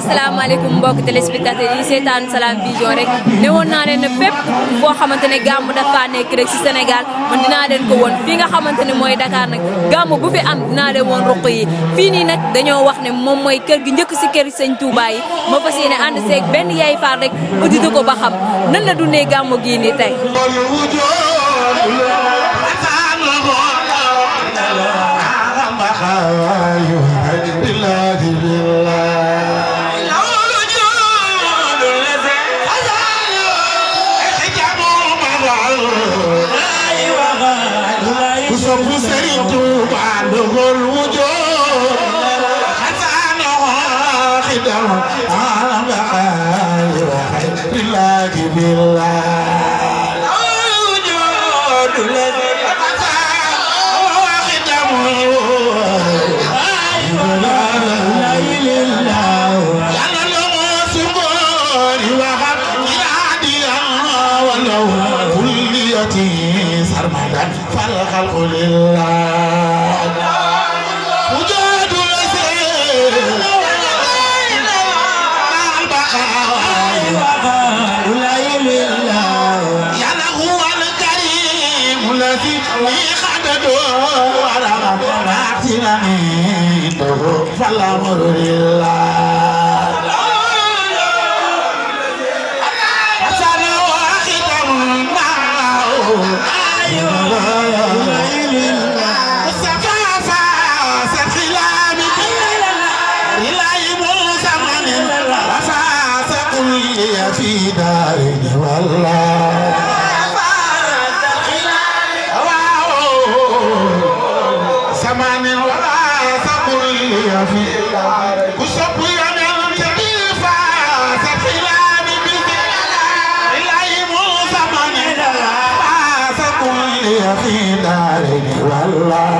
asalaamaaleykum mbokk téléspectateurs yi seetaan Salam Vision rek ne woon naa leen ne fépp boo xamante ne gàmm dafa nekk rek si Sénégal man dinaa leen ko woon fii nga xamante ne mooy Dakar nag gàmm bu fi am dinaa leen woon ruq yi fii nii nag dañoo wax ne moom mooy kër gi njëkk si kër sëñ Touba yi ma fas yéene ànd seeg benn yay faar rek audité ko ba xam nan la dundee gàmm gii nii tey ku sopp Sëriñ Tuuba ndoxol wu joor xasaano xidam حياتي سرمدا فالخلق لله وجاد الأسير البقاء لا يمل يا له الكريم الذي خدد ورغب ما اعتنى منه فالأمر لله في داري والله في داري والله